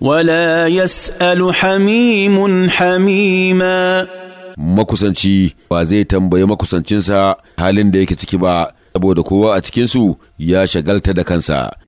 ولا يسأل حميم حميما makusanci ba zai tambayi makusancinsa halin da yake ciki ba saboda kowa a cikinsu ya shagalta da kansa